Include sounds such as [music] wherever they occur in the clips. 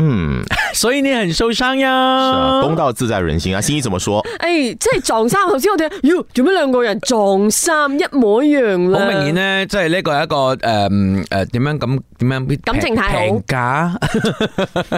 嗯，所以你很受傷呀。公道自在人心啊，欣怡怎麼說？誒，即係撞衫。頭先我睇，喲，做咩兩個人撞衫一模一樣啦？好明顯咧，即係呢個一個誒誒，點樣咁點樣？感情太好，平價呢？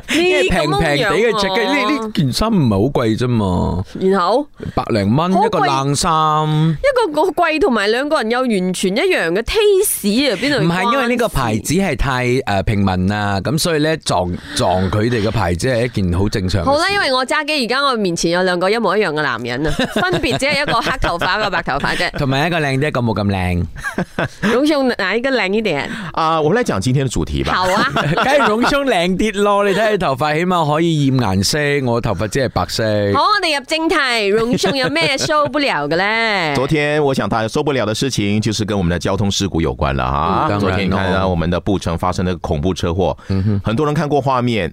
平平哋嘅值嘅呢？呢件衫唔係好貴啫嘛。然後百零蚊一個冷衫，一個好貴，同埋兩個人有完全一樣嘅 taste 啊，邊度？唔係，因為呢個牌子係太誒平民啊，咁所以咧撞撞。佢哋嘅牌子係一件好正常。好啦，因為我揸機，而家我面前有兩個一模一樣嘅男人啊，分別只係一個黑頭髮， [laughs] 一個白頭髮啫。同埋一個靚啲，咁冇咁靚。榮兄，哪一個靚一點？啊，我來講今天的主題吧。好啊，梗係榮兄靚啲咯，你睇下頭髮，起碼可以染顏色。我頭髮只係白色。好，我哋入正題，榮兄有咩受不了嘅咧？ [laughs] 昨天我想他受不了嘅事情，就是跟我們的交通事故有關啦。啊，昨天你睇到我們的布城發生了個恐怖車禍， [laughs] 很多人看過畫面。